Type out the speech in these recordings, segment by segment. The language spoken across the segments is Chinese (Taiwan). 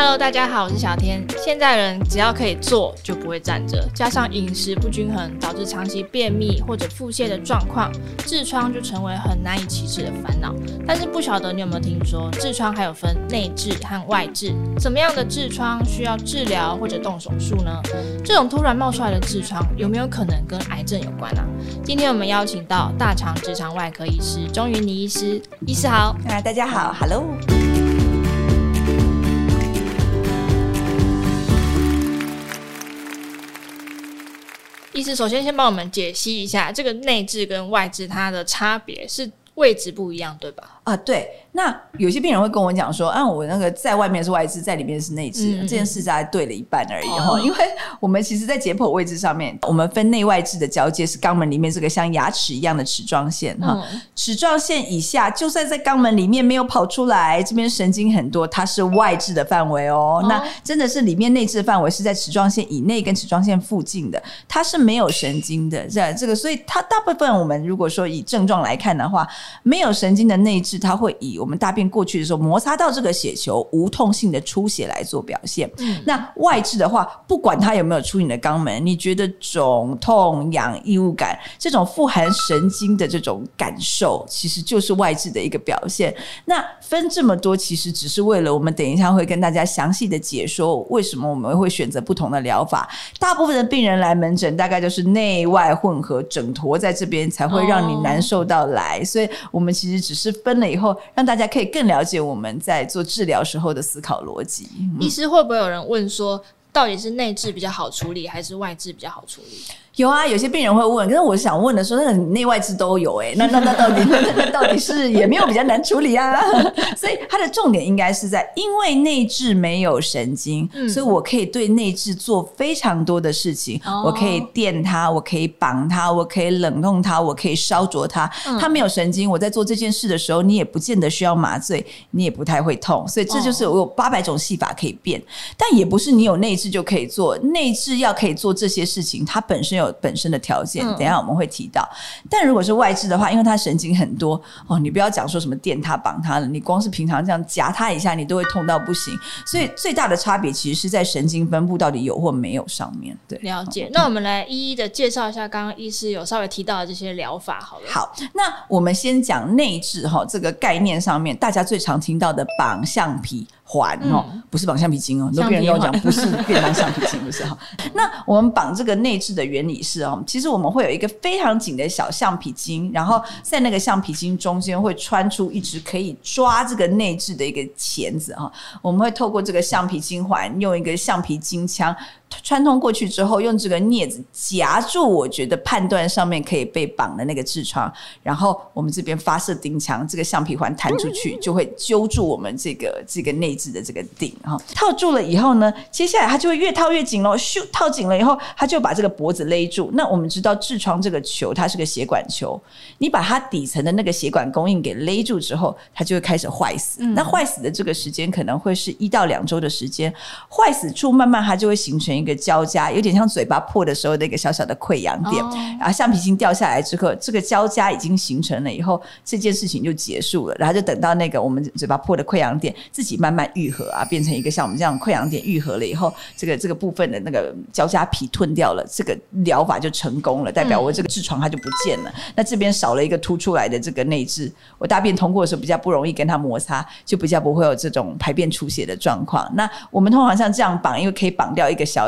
Hello，大家好，我是小天。現在人只要可以坐就不會站着，加上飲食不均衡，導致長期便秘或者腹瀉的狀況，痔瘡就成為很難以啟齒的煩惱。但是不曉得你有沒有聽說，痔瘡還有分內痔和外痔。怎麼樣的痔瘡需要治療或者動手術呢？這種突然冒出來的痔瘡有沒有可能跟癌症有關啊？今天我們邀請到大腸直腸外科醫師鍾雲霓醫師，醫師好。啊，大家好，Hello。意思，首先先幫我們解析一下這個內痔跟外痔它的差別是位置不一樣，對吧？啊，對，那有些病人會跟我講說，啊，我那個在外面是外痔，在裡面是內痔，嗯、這件事大概對了一半而已哈。哦、因為我們其實，在解剖位置上面，我們分內外痔的交界是肛門裡面這個像牙齒一樣的齒狀線哈，嗯、齒狀線以下，就算在肛門裡面沒有跑出來，這邊神經很多，它是外痔的範圍哦。哦，那真的是裡面內痔範圍是在齒狀線以內跟齒狀線附近的，它是沒有神經的，在這個，所以它大部分我們如果說以症狀來看的話，沒有神經的內痔。它會以我們大便過去的時候摩擦到這個血球無痛性的出血來做表現。嗯、那外痔的話，不管它有沒有出你的肛門，你覺得腫痛、癢、異物感這種富含神經的這種感受，其實就是外痔的一個表現。那分這麼多，其實只是為了我們等一下會跟大家詳細的解說為什麼我們會選擇不同的療法。大部分的病人來門診，大概就是內外混合，整坨在這邊才會讓你難受到來。哦、所以我們其實只是分了。以後讓大家可以更了解我們在做治療時候的思考邏輯。嗯、醫師，會不會有人問說，到底是內痔比較好處理，還是外痔比較好處理？有啊，有些病人會問，可是我想問的說，那個內外痔都有，欸，哎，那那那到底 那到底是也沒有比較難處理啊？所以它的重點應該是在，因為內痔沒有神經，嗯、所以我可以對內痔做非常多的事情，嗯、我可以電它，我可以綁它，我可以冷凍它，我可以燒灼它。嗯、它沒有神經，我在做這件事的時候，你也不見得需要麻醉，你也不太會痛，所以這就是我有八百種戲法可以變，嗯、但也不是你有內痔就可以做，內痔要可以做這些事情，它本身有本身的條件，等一下我們會提到。嗯、但如果是外痔的話，因為它神經很多哦，你不要講說什麼電它綁它的，你光是平常這樣夾它一下，你都會痛到不行。所以最大的差別其實是在神經分布到底有或沒有上面對。了解，嗯、那我們來一一的介紹一下剛剛醫師有稍微提到的這些療法好了。好，那我們先講內痔哈，這個概念上面，大家最常聽到的綁橡皮環、嗯、哦，不是綁橡皮筋哦，都別人跟我講不是便當橡皮筋不是哈。那我們綁這個內痔的原，你是哦，其實我們會有一個非常緊的小橡皮筋，然後在那個橡皮筋中間會穿出一隻可以抓這個內痔的一個鉗子哈，我們會透過這個橡皮筋環用一個橡皮筋槍。穿通過去之後，用這個鑷子夾住，我覺得判斷上面可以被綁的那個痔瘡，然後我們這邊發射釘槍，這個橡皮環彈出去就會揪住我們這個這個內置的這個釘，哈、哦，套住了以後呢，接下來它就會越套越緊嘍，咻，套緊了以後，它就把這個脖子勒住。那我們知道痔瘡這個球它是個血管球，你把它底層的那個血管供應給勒住之後，它就會開始壞死。嗯、那壞死的這個時間可能會是一到兩週的時間，壞死處慢慢它就會形成。一個焦痂，有點像嘴巴破的時候那個小小的潰瘍點，然後、oh. 啊、橡皮筋掉下來之後，這個焦痂已經形成了，以後這件事情就結束了，然後就等到那個我們嘴巴破的潰瘍點自己慢慢愈合啊，變成一個像我們這樣潰瘍點愈合了以後，這個這個部分的那個焦痂皮吞掉了，這個療法就成功了，代表我這個痔瘡它就不見了。嗯、那這邊少了一個突出來的這個內痔，我大便通過的時候比較不容易跟它摩擦，就比較不會有這種排便出血的狀況。那我們通常像這樣綁，因為可以綁掉一個小。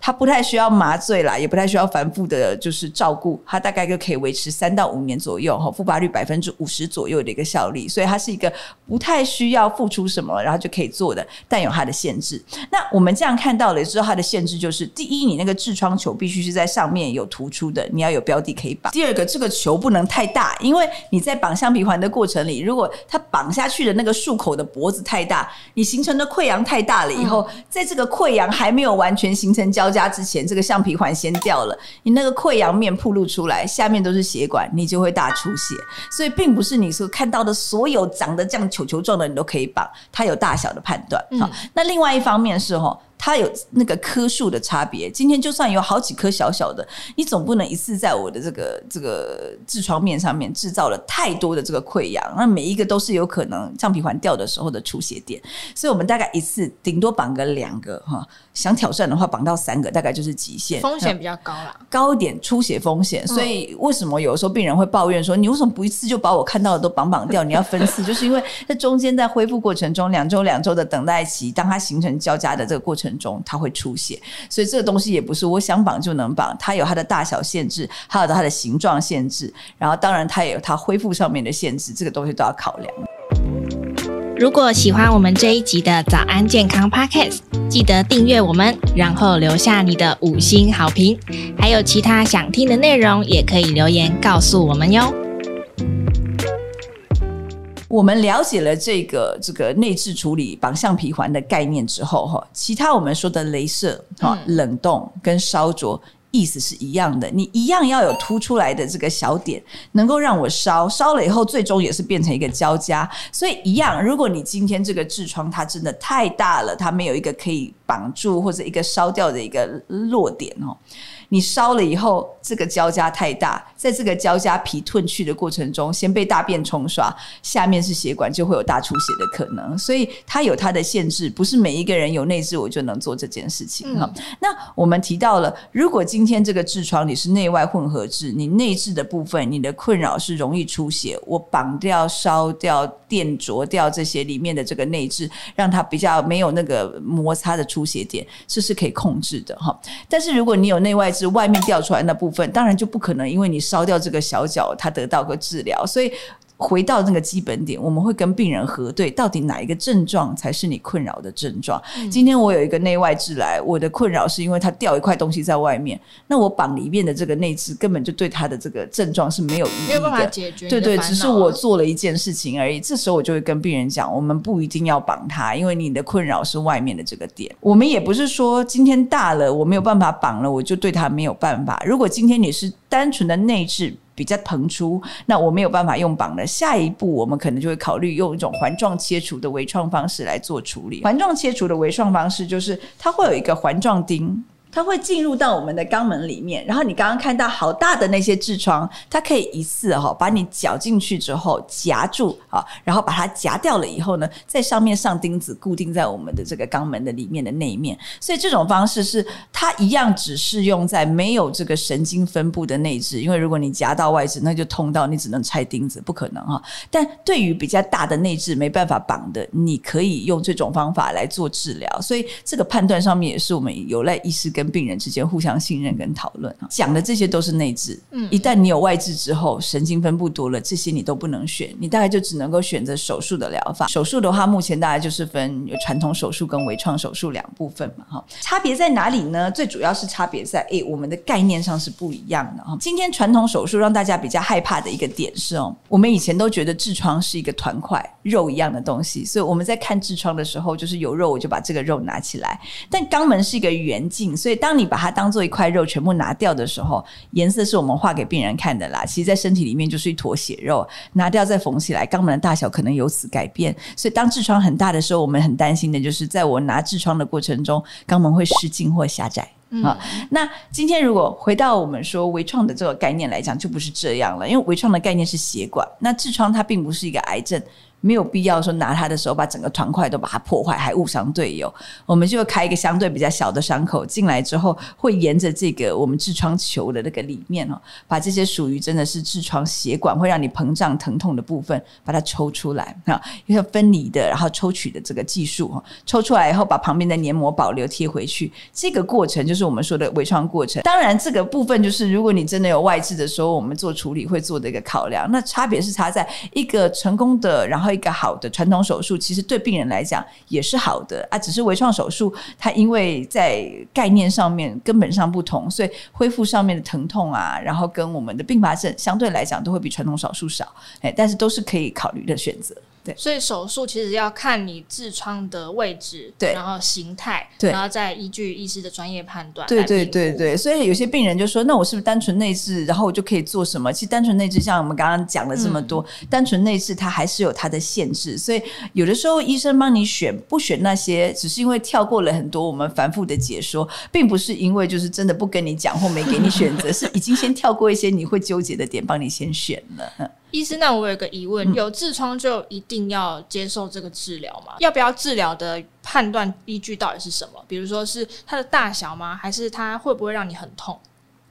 它不太需要麻醉啦，也不太需要反覆的，就是照顧。它大概就可以維持三到五年左右，哈、哦，復發率百分之五十左右的一個效力。所以它是一個不太需要付出什麼，然後就可以做的，但有它的限制。那我們這樣看到了，知道它的限制就是：第一，你那個痔瘡球必須是在上面有突出的，你要有標的可以綁；第二個，這個球不能太大，因為你在綁橡皮環的過程裡，如果它綁下去的那個束口的脖子太大，你形成的潰瘍太大了以後，嗯、在這個潰瘍還沒有完全形成痂。加之前，這個橡皮環先掉了，你那個潰瘍面暴露出來，下面都是血管，你就會大出血。所以，並不是你所看到的所有長得這樣球球狀的，你都可以綁，它有大小的判斷。嗯、好，那另外一方面是吼。它有那個顆數的差別。今天就算有好幾顆小小的，你總不能一次在我的這個這個痔瘡面上面制造了太多的這個潰瘍，那每一個都是有可能橡皮環掉的時候的出血點。所以我們大概一次頂多綁個兩個哈，想挑戰的話綁到三個，大概就是極限，風險比較高啦，高一點出血風險。所以為什麼有的時候病人會抱怨說、嗯、你為什麼不一次就把我看到的都綁綁掉？你要分次， 就是因為在中間在恢復過程中兩周兩周的等待期，當它形成交加的這個過程中。中它會出現，所以這個東西也不是我想綁就能綁，它有它的大小限制，還有它的形狀限制，然後當然它也有它恢復上面的限制，這個東西都要考量。如果喜歡我們這一集的早安健康 Podcast，記得訂閱我們，然後留下你的五星好評。還有其他想聽的內容，也可以留言告訴我們喲。我們了解了這個這個內痔處理綁橡皮環的概念之後，哈，其他我們說的雷射、哈冷凍跟燒灼意思是一樣的，你一樣要有凸出來的這個小點，能夠讓我燒，燒了以後最終也是變成一個焦痂。所以一樣。如果你今天這個痔瘡它真的太大了，它沒有一個可以綁住或者一個燒掉的一個落點哦。你燒了以後，這個膠痂太大，在這個膠痂皮褪去的過程中，先被大便沖刷，下面是血管，就會有大出血的可能。所以它有它的限制，不是每一個人有內痔，我就能做這件事情哈。嗯、那我們提到了，如果今天這個痔瘡你是內外混合痔，你內痔的部分，你的困擾是容易出血，我綁掉、燒掉、電灼掉這些裡面的這個內痔，讓它比較沒有那個摩擦的出血點，這是可以控制的哈。但是如果你有內外痔，是外面掉出來的那部分，當然就不可能，因為你燒掉這個小腳，它得到個治療，所以。回到那個基本點，我們會跟病人核對，到底哪一個症狀才是你困擾的症狀。嗯、今天我有一個內外痔來，我的困擾是因為他掉一塊東西在外面，那我綁裡面的這個內痔根本就對他的這個症狀是沒有意義的。的對，對對，只是我做了一件事情而已。這時候我就會跟病人講，我們不一定要綁他，因為你的困擾是外面的這個點。我們也不是說今天大了我沒有辦法綁了，我就對他沒有辦法。如果今天你是單純的內痔。比較膨出，那我沒有辦法用綁的。下一步我們可能就會考慮用一種環狀切除的微創方式來做處理。環狀切除的微創方式就是，它會有一個環狀釘。它會進入到我們的肛門裡面，然後你剛剛看到好大的那些痔瘡，它可以一次哈、哦、把你攪進去之後夾住啊，然後把它夾掉了以後呢，在上面上釘子固定在我們的這個肛門的裡面的那一面，所以這種方式是它一樣只適用在沒有這個神經分布的內痔，因為如果你夾到外痔，那就痛到你只能拆釘子，不可能哈、哦。但對於比較大的內痔沒辦法綁的，你可以用這種方法來做治療，所以這個判斷上面也是我們有賴醫師，跟病人之間互相信任跟討論啊，講的這些都是內痔，嗯，一旦你有外痔之後，神經分布多了，這些你都不能選，你大概就只能夠選擇手術的療法。手術的話，目前大概就是分有傳統手術跟微創手術兩部分嘛，哈，差別在哪裡呢？最主要是差別在，誒，我們的概念上是不一樣的。今天傳統手術讓大家比較害怕的一個點是哦，我們以前都覺得痔瘡是一個團塊肉一樣的東西，所以我們在看痔瘡的時候，就是有肉我就把這個肉拿起來，但肛門是一個圓鏡，所以。所以，當你把它當做一塊肉全部拿掉的時候，顏色是我們畫給病人看的啦。其實，在身體裡面就是一坨血肉，拿掉再縫起來，肛門的大小可能由此改變。所以，當痔瘡很大的時候，我們很擔心的就是，在我拿痔瘡的過程中，肛門會失禁或狹窄。啊、嗯哦，那今天如果回到我們說微創的這個概念來講，就不是這樣了。因為微創的概念是血管，那痔瘡它並不是一個癌症。沒有必要說拿它的時候把整個團塊都把它破壞，還誤傷隊友。我們就開一個相對比較小的傷口進來之後，會沿着這個我們痔瘡球的那個裡面哦，把這些屬於真的是痔瘡血管，會讓你膨脹疼痛的部分，把它抽出來啊，一個分離的，然後抽取的這個技術哈，抽出來以後把旁邊的黏膜保留貼回去，這個過程就是我們說的微創過程。當然，這個部分就是如果你真的有外痔的時候，我們做處理會做的一個考量。那差別是差在一個成功的，然後。一個好的傳統手術，其實對病人來講也是好的啊，只是微創手術它因為在概念上面根本上不同，所以恢復上面的疼痛啊，然後跟我們的併發症相對來講都會比傳統手術少，哎，但是都是可以考慮的選擇。對，所以手術其實要看你痔瘡的位置，對，然後形態，對，然後再依據醫師的專業判斷。對對對對，所以有些病人就說：“那我是不是單純內痔？然後我就可以做什麼？”其實單純內痔，像我們剛剛講了這麼多，嗯、單純內痔它還是有它的限制。所以有的時候醫生幫你選不選那些，只是因為跳過了很多我們反覆的解說，並不是因為就是真的不跟你講或沒給你選擇， 是已經先跳過一些你會糾結的點，幫你先選了。醫生，那我有一個疑問：有痔瘡就一定要接受這個治療嗎？要不要治療的判斷依據到底是什麼？比如說是它的大小嗎？還是它會不會讓你很痛？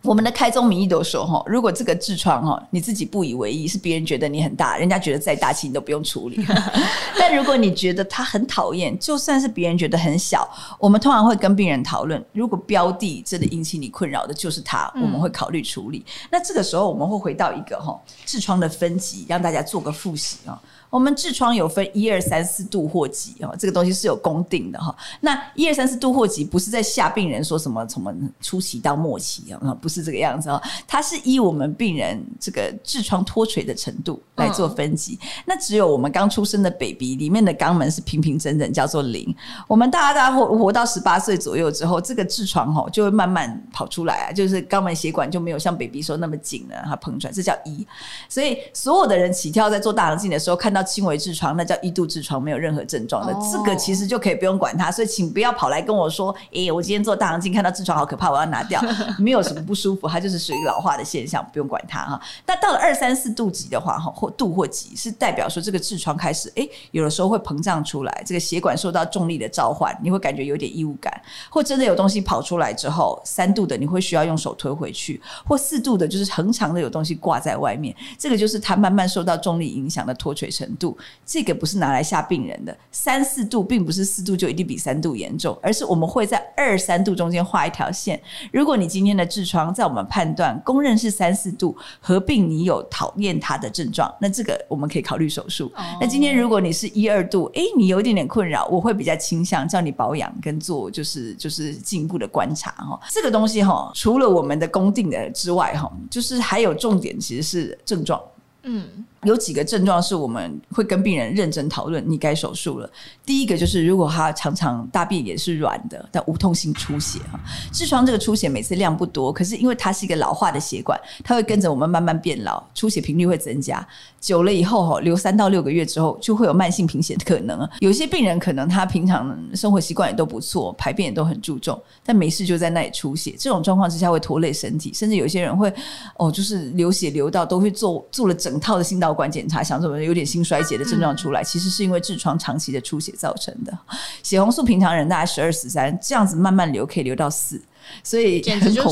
我們的開宗明義都說哈，如果這個痔瘡哈，你自己不以為意，是別人覺得你很大，人家覺得再大氣你都不用處理。 但如果你覺得它很討厭，就算是別人覺得很小，我們通常會跟病人討論，如果標的真的引起你困擾的就是它，我們會考慮處理。嗯、那這個時候我們會回到一個哈痔瘡的分級，讓大家做個複習啊。我們痔瘡有分一二三四度或級哦，這個東西是有公定的哈。那一二三四度或級不是在嚇病人說什麼什麼初期到末期啊，不是這個樣子哦。它是依我們病人這個痔瘡脫垂的程度來做分級。嗯、那只有我們剛出生的 baby 裡面的肛門是平平整整，叫做零。我們大家大家活活到十八歲左右之後，這個痔瘡哦就會慢慢跑出來啊，就是肛門血管就沒有像 baby 說那麼緊了，它膨出來，這叫一。所以所有的人起跳在做大腸鏡的時候看到，輕微痔瘡那叫一度痔瘡，沒有任何症狀的，oh. 這個其實就可以不用管它。所以請不要跑來跟我說，哎、欸，我今天做大腸鏡看到痔瘡好可怕，我要拿掉， 沒有什麼不舒服，它就是屬於老化的現象，不用管它哈。那到了二三四度級的話，或度或級是代表說這個痔瘡開始，哎、欸，有的時候會膨脹出來，這個血管受到重力的召喚，你會感覺有點異物感，或真的有東西跑出來之後，三度的你會需要用手推回去，或四度的就是橫長的有東西掛在外面，這個就是它慢慢受到重力影響的脫垂成。度這個不是拿來嚇病人的，三四度並不是四度就一定比三度嚴重，而是我們會在二三度中間畫一條線。如果你今天的痔瘡在我們判斷公認是三四度，合併你有討厭它的症狀，那這個我們可以考慮手術。Oh. 那今天如果你是一二度，哎，你有一點點困擾，我會比較傾向叫你保養跟做，就是就是進一步的觀察哈。這個東西哈，除了我們的公定的之外哈，就是還有重點其實是症狀，嗯。有幾個症狀是我們會跟病人認真討論，你該手術了。第一個就是，如果他常常大便也是軟的，但無痛性出血啊、哦，痔瘡這個出血每次量不多，可是因為它是一個老化的血管，它會跟着我們慢慢變老，出血頻率會增加。久了以後、哦、留三到六個月之後，就會有慢性貧血的可能。有些病人可能他平常生活習慣也都不錯，排便也都很注重，但沒事就在那裡出血，這種狀況之下會拖累身體，甚至有些人會哦，就是流血流到都會做做了整套的心臟導管檢查，想怎麼有，有，有點心衰竭的症狀出來，嗯、其實是因為痔瘡長期的出血造成的。血紅素平常人大概十二、十三，13，這樣子慢慢流可以流到四。所以很恐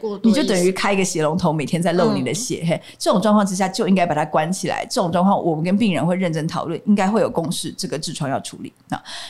怖，你就等於開一個血龍頭，每天在漏你的血。這種狀況之下，就應該把它關起來。這種狀況，我們跟病人會認真討論，應該會有共識，這個痔瘡要處理。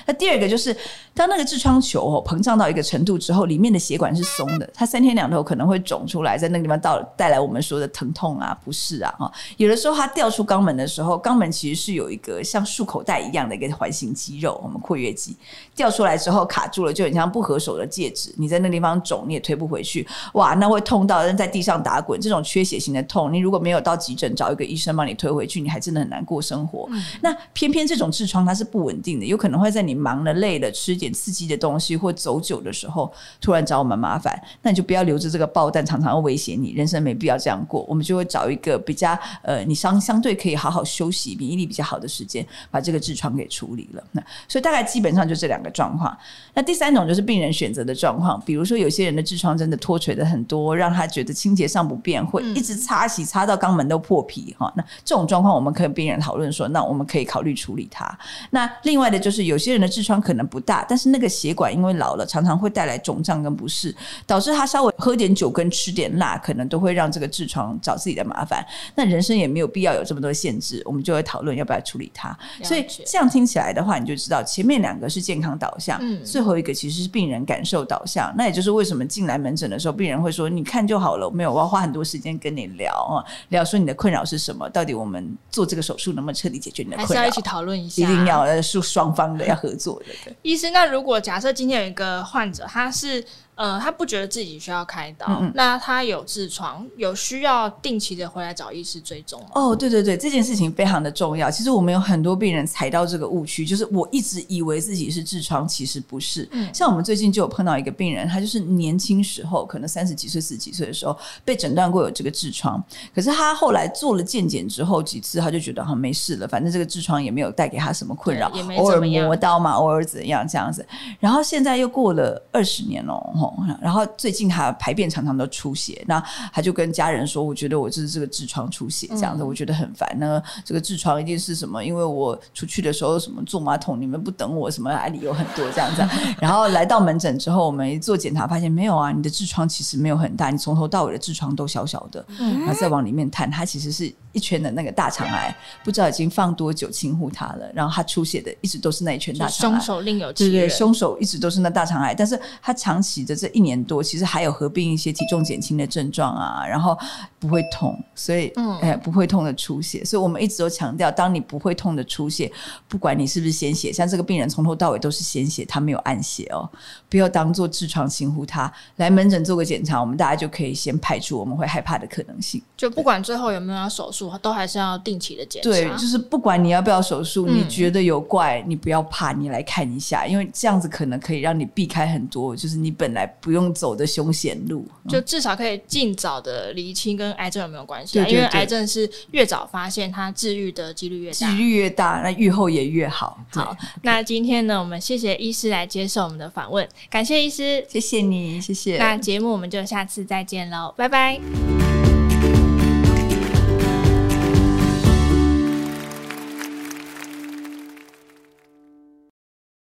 那第二個就是，當那個痔瘡球膨脹到一個程度之後，裡面的血管是鬆的，它三天兩頭可能會腫出來，在那個地方到帶來我們說的疼痛啊、不適啊。有的時候它掉出肛門的時候，肛門其實是有一個像束口袋一樣的一個環形肌肉，我們括約肌掉出來之後卡住了，就很像不合手的戒指，你在那個地方。腫你也推不回去，哇，那會痛到人在地上打滾，這種缺血性的痛，你如果沒有到急診找一個醫生幫你推回去，你還真的很難過生活。嗯、那偏偏這種痔瘡它是不穩定的，有可能會在你忙了、累了、吃點刺激的東西或走久的時候，突然找我們麻煩。那你就不要留着這個爆彈，常常威脅你人生，沒必要這樣過。我們就會找一個比較呃，你相相對可以好好休息、免疫力比較好的時間，把這個痔瘡給處理了。那所以大概基本上就這兩個狀況。那第三種就是病人選擇的狀況，比如說有些。有些人的痔瘡真的脫垂的很多，讓他覺得清潔上不便，會一直擦洗，擦到肛門都破皮哈。嗯、那這種狀況，我們可以跟病人討論說，那我們可以考慮處理它。那另外的，就是有些人的痔瘡可能不大，但是那個血管因為老了，常常會帶來腫脹跟不適，導致他稍微喝點酒跟吃點辣，可能都會讓這個痔瘡找自己的麻煩。那人生也沒有必要有這麼多限制，我們就會討論要不要處理它。了解。所以這樣聽起來的話，你就知道前面兩個是健康導向，嗯、最後一個其實是病人感受導向。那也就是為為什麼進來門診的時候，病人會說：“你看就好了，沒有，我要花很多時間跟你聊啊，聊說你的困擾是什麼？到底我們做這個手術能不能徹底解決你的困擾？”還是要一起討論一下，一定要是雙方的，要合作的。對 醫生，那如果假設今天有一個患者，他是。呃，他不覺得自己需要開刀，嗯嗯那他有痔瘡，有需要定期的回來找醫師追蹤。哦，對對對，這件事情非常的重要。其實我們有很多病人踩到這個誤區，就是我一直以為自己是痔瘡，其實不是。嗯、像我們最近就有碰到一個病人，他就是年輕時候可能三十幾歲、四十幾歲的時候被診斷過有這個痔瘡，可是他後來做了健檢之後幾次，他就覺得好像、哦、沒事了，反正這個痔瘡也沒有帶給他什麼困擾，也沒怎麼偶爾磨刀嘛，偶爾怎樣這樣這樣子。然後現在又過了二十年嘍。然後最近他排便常常都出血，那他就跟家人說：“我覺得我就是這個痔瘡出血這樣子，嗯、我覺得很煩呢。那這個痔瘡一定是什麼？因為我出去的時候什麼坐馬桶你們不等我，什麼理由很多這樣子。 然後來到門診之後，我們一做檢查發現沒有啊，你的痔瘡其實沒有很大，你從頭到尾的痔瘡都小小的。嗯，然後再往裡面探，他其實是一圈的那個大腸癌，不知道已經放多久清護他了。然後他出血的一直都是那一圈大腸癌，兇手另有其人。對對，兇手一直都是那大腸癌，但是他長期。這一年多，其實還有合併一些體重減輕的症狀啊，然後不會痛，所以，哎、嗯呃，不會痛的出血，所以我們一直都強調，當你不會痛的出血，不管你是不是鮮血，像這個病人從頭到尾都是鮮血，他沒有暗血哦，不要當做痔瘡輕忽他，來門診做個檢查，我們大家就可以先排除我們會害怕的可能性。就不管最後有沒有要手術，都還是要定期的檢查。對，就是不管你要不要手術，你覺得有怪，你不要怕，你來看一下，因為這樣子可能可以讓你避開很多，就是你本來。不用走的兇險路，就至少可以盡早的釐清跟癌症有沒有關係啊，對對對，因為癌症是越早發現，它治癒的幾率越大，幾率越大，那愈後也越、越好。好，對那今天呢，我們謝謝醫師來接受我們的訪問，感謝醫師，謝謝你，謝謝。那節目我們就下次再見嘍，拜拜。